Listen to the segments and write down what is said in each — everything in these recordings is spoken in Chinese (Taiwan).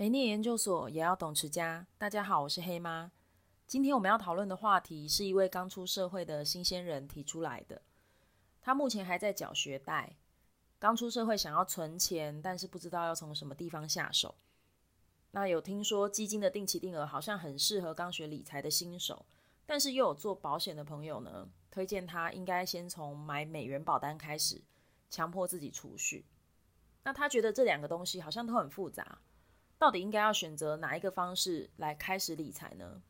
沒念研究所也要懂持家。大家好，我是黑媽。今天我們要討論的話題是一位剛出社會的新鮮人提出來的。他目前還在繳學貸，剛出社會想要存錢，但是不知道要從什麼地方下手。那有聽說基金的定期定額好像很適合剛學理財的新手，但是又有做保險的朋友呢，推薦他應該先從買美元保單開始，強迫自己儲蓄。那他覺得這兩個東西好像都很複雜。到底應該要選擇哪一個方式來開始理財呢？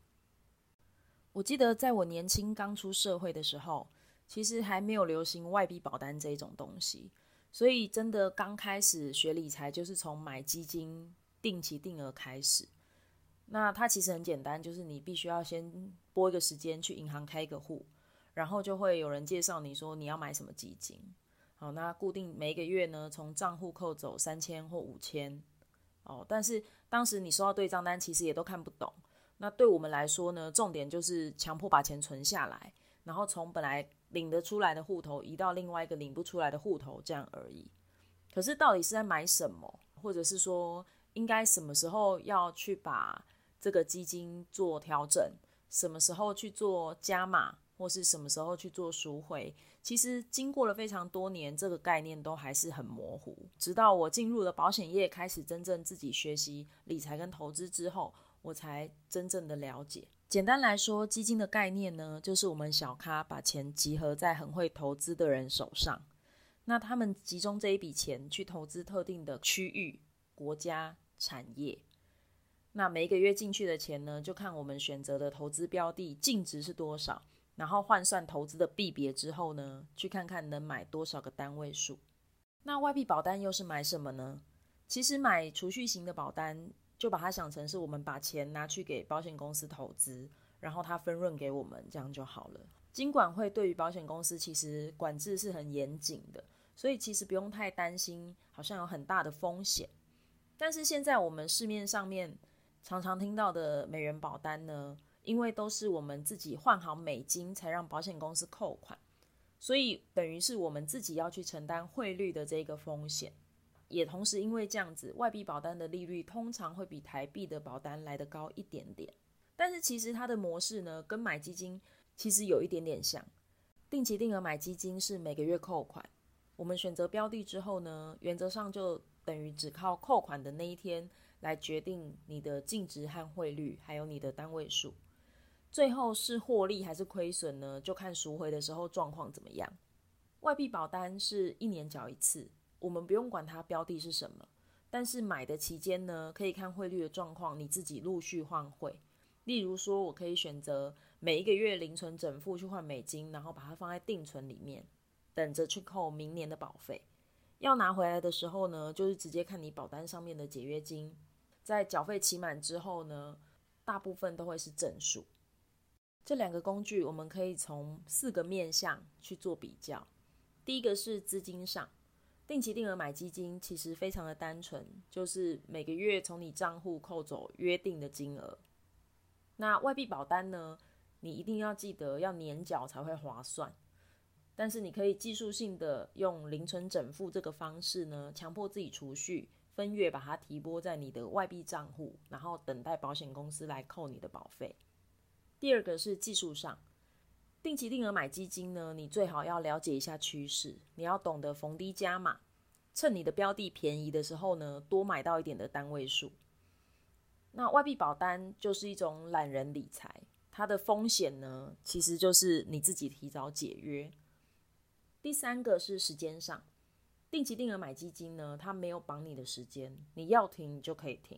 我記得在我年輕剛出社會的時候，其實還沒有流行外幣保單這一種東西，所以真的剛開始學理財就是從買基金、定期定額開始。那它其實很簡單，就是你必須要先撥一個時間去銀行開一個戶，然後就會有人介紹你說你要買什麼基金。好，那固定每個月呢，從賬戶扣走三千或五千。哦，但是當時你收到對賬單，其實也都看不懂。那對我們來說呢，重點就是強迫把錢存下來，然後從本來領得出來的戶頭移到另外一個領不出來的戶頭，這樣而已。可是到底是在買什麼，或者是說應該什麼時候要去把這個基金做調整，什麼時候去做加碼？或是什麼時候去做贖回？其實經過了非常多年，這個概念都還是很模糊。直到我進入了保險業，開始真正自己學習理財跟投資之後，我才真正的了解。簡單來說，基金的概念呢，就是我們小咖把錢集合在很會投資的人手上，那他們集中這一筆錢去投資特定的區域、國家、產業。那每一個月進去的錢呢，就看我們選擇的投資標的淨值是多少。然後換算投資的幣別之後呢，去看看能買多少個單位數。那外幣保單又是買什麼呢？其實買儲蓄型的保單，就把它想成是我們把錢拿去給保險公司投資，然後它分潤給我們，這樣就好了。金管會對於保險公司其實管制是很嚴謹的，所以其實不用太擔心，好像有很大的風險。但是現在我們市面上面常常聽到的美元保單呢？因為都是我們自己換好美金才讓保險公司扣款，所以等於是我們自己要去承擔匯率的這個風險。也同時因為這樣子，外幣保單的利率通常會比台幣的保單來得高一點點。但是其實它的模式呢，跟買基金其實有一點點像。定期定額買基金是每個月扣款，我們選擇標的之後呢，原則上就等於只靠扣款的那一天來決定你的凈值和匯率，還有你的單位數。最後是獲利還是虧損呢？就看贖回的時候狀況怎麼樣。外幣保單是一年繳一次，我們不用管它的標的是什麼。但是買的期間呢，可以看匯率的狀況，你自己陸續換匯。例如說，我可以選擇每一個月零存整付去換美金，然後把它放在定存裡面，等着去扣明年的保費。要拿回來的時候呢，就是直接看你保單上面的解約金，在繳費期滿之後呢，大部分都會是正數。這兩個工具，我們可以從四個面向去做比較。第一個是資金上，定期定額買基金其實非常的單純，就是每個月從你賬戶扣走約定的金額。那外幣保單呢，你一定要記得要年繳才會划算。但是你可以技術性的用零存整付這個方式呢，強迫自己儲蓄，分月把它提撥在你的外幣賬戶，然後等待保險公司來扣你的保費。第二個是技術上，定期定額買基金呢，你最好要了解一下趨勢，你要懂得逢低加碼，趁你的標的便宜的時候呢，多買到一點的單位數。那外幣保單就是一種懶人理財，它的風險呢，其實就是你自己提早解約。第三個是時間上，定期定額買基金呢，它沒有綁你的時間，你要停你就可以停，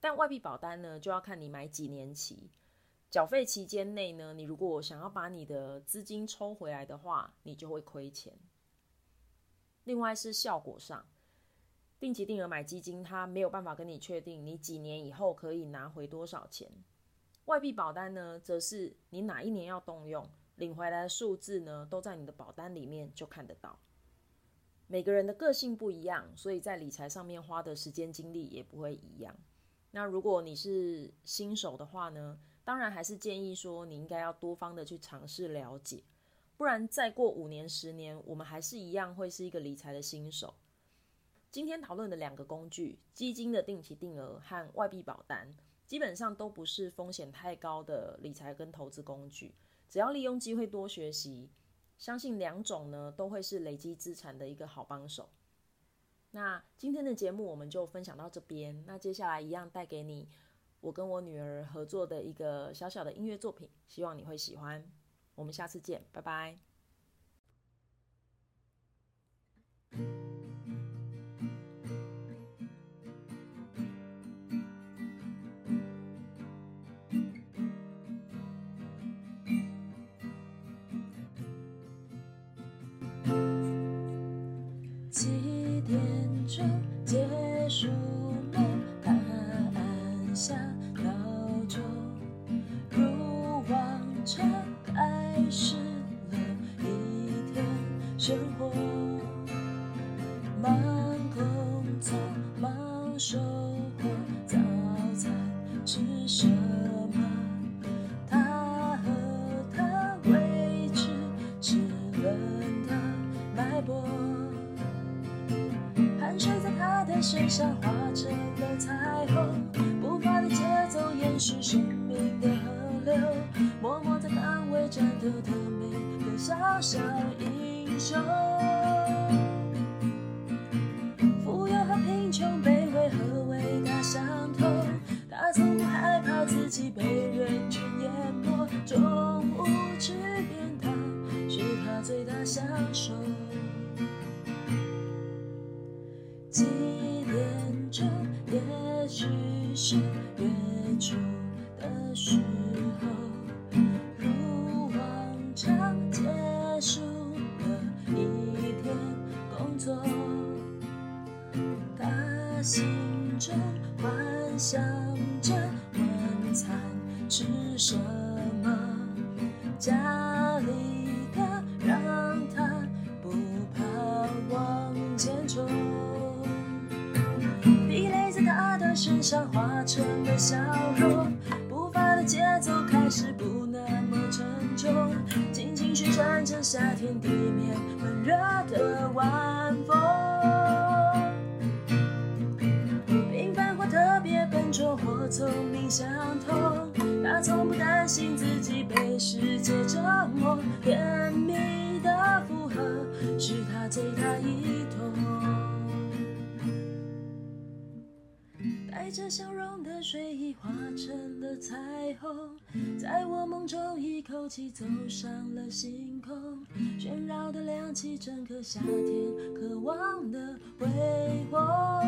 但外幣保單呢，就要看你買幾年期。繳費期間內呢，你如果想要把你的資金抽回來的話，你就會虧錢。另外是效果上，定期定額買基金，它沒有辦法跟你確定你幾年以後可以拿回多少錢。外幣保單呢，則是你哪一年要動用，領回來的數字呢，都在你的保單裡面就看得到。每個人的個性不一樣，所以在理財上面花的時間精力也不會一樣。那如果你是新手的話呢？當然，還是建議說，你應該要多方的去嘗試了解，不然再過五年、十年，我們還是一樣會是一個理財的新手。今天討論的兩個工具，基金的定期定額和外幣保單，基本上都不是風險太高的理財跟投資工具。只要利用機會多學習，相信兩種呢都會是累積資產的一個好幫手。那今天的節目我們就分享到這邊，那接下來一樣帶給你。我跟我女兒合作的一個小小的音樂作品，希望你會喜歡。我們下次見，拜拜。七點鐘結束嘆嘆下。收穫早餐吃什麼？他和他維持齒輪的脈搏，汗水在他的身上化成了彩虹，步伐的節奏延續生命的河流，默默在崗位戰鬥的每個小小英雄。自己被人群淹沒，中午吃便當是他最大享受。幾點鐘，也許是月初的時候，如往常結束了一天工作，他心中幻想着。餐吃什麼？家裡的讓他不怕往前衝。疲累在他的身上化成了笑容，步伐的節奏開始不那麼沉重，緊緊旋轉着夏天地面悶熱的。晚。相同，他從不擔心自己被世界折磨，甜蜜的負荷，是他最大依托。帶着笑容的睡意化成了彩虹，在我夢中一口氣走上了星空，喧鬧地亮起整個夏天渴望的揮霍。